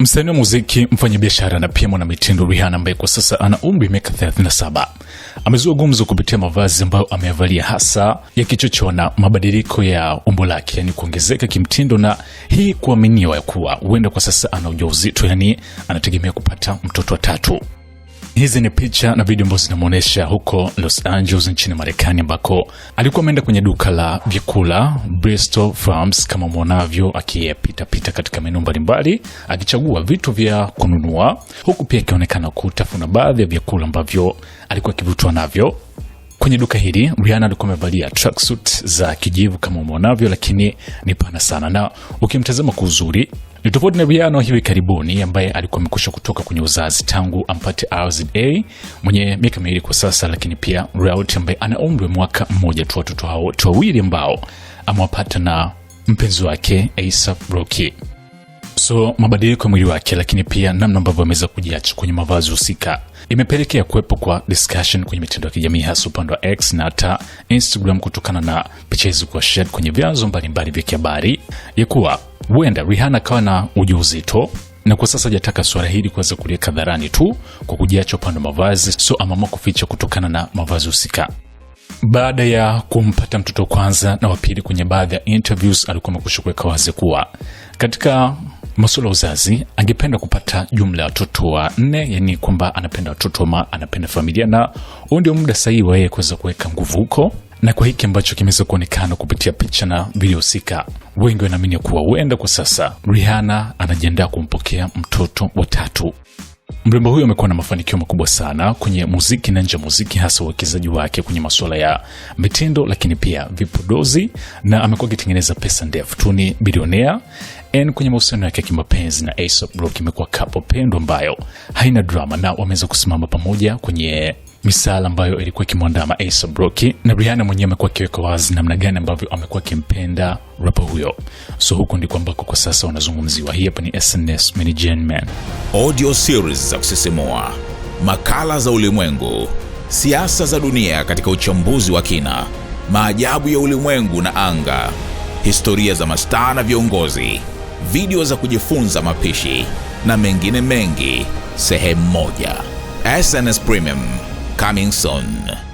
Msanii wa muziki, mfanyabiashara na pia mwanamitindo Rihanna ambaye kwa sasa ana umri wa miaka 37 amezua gumzo kupitia mavazi ambayo ameyavalia hasa yakichochona mabadiliko ya umbo lake, yani kuongezeka kimtindo, na hii kuaminiwa ya kuwa huenda kwa sasa ana ujauzito, yani anategemea kupata mtoto wa tatu. Hizi ni picha na video ambazo zinamwonyesha huko Los Angeles nchini Marekani, ambako alikuwa ameenda kwenye duka la vyakula Bristol Farms, kama mwonavyo akiyapitapita katika menu mbalimbali akichagua vitu vya kununua, huku pia akionekana kutafuna baadhi ya vyakula ambavyo alikuwa akivutwa navyo kwenye duka hili Rihanna alikuwa amevalia tracksuit za kijivu kama umeonavyo, lakini ni pana sana, na ukimtazama kwa uzuri ni tofauti na wa hivi karibuni ambaye alikuwa amekusha kutoka kwenye uzazi tangu ampate RZA mwenye miaka miwili kwa sasa, lakini pia Reality ambaye ana umri wa mwaka mmoja tu, watoto hao wawili ambao amewapata na mpenzi wake ASAP Rocky. So mabadiliko ya mwili wake, lakini pia namna ambavyo ameweza kujiacha kwenye mavazi husika imepelekea kuwepo kwa discussion kwenye mitandao ya kijamii hasa upande wa X na hata Instagram, kutokana na picha hizi kuwa shared kwenye vyanzo mbalimbali vya kihabari ya kuwa huenda Rihanna akawa na ujauzito na kwa sasa hajataka swala hili kuweza kuliweka hadharani tu kwa kujiacha upande wa mavazi, so amaamua kuficha kutokana na mavazi husika. Baada ya kumpata mtoto kwanza na wapili, kwenye baadhi ya interviews alikuwa amekusha kuweka wazi kuwa katika masuala ya uzazi, angependa kupata jumla ya watoto wa nne, yani kwamba anapenda watoto ma, anapenda familia, na huu ndio muda sahihi wa yeye kuweza kuweka nguvu huko na kwa hiki ambacho kimeweza kuonekana kupitia picha na video husika, wengi wanaamini kuwa huenda kwa sasa Rihanna anajiandaa kumpokea mtoto wa tatu. Mrembo huyo amekuwa na mafanikio makubwa sana kwenye muziki na nje ya muziki, hasa uwekezaji wake kwenye masuala ya mitindo, lakini pia vipodozi, na amekuwa akitengeneza pesa ndefu tu. Ni bilionea n kwenye mahusiano yake ya kimapenzi na Aesop imekuwa kapo pendo ambayo haina drama, na wameweza kusimama pamoja kwenye misala ambayo ilikuwa ikimwandama Asa Brocky, na Rihanna mwenyewe amekuwa akiweka wazi namna gani ambavyo amekuwa akimpenda rapa huyo. So huku ndiko ambako kwa sasa wanazungumziwa. Hii hapa ni SNS Mini audio series za kusisimua, makala za ulimwengu, siasa za dunia katika uchambuzi wa kina, maajabu ya ulimwengu na anga, historia za mastaa na viongozi, video za kujifunza mapishi na mengine mengi, sehemu moja. SNS Premium. coming soon.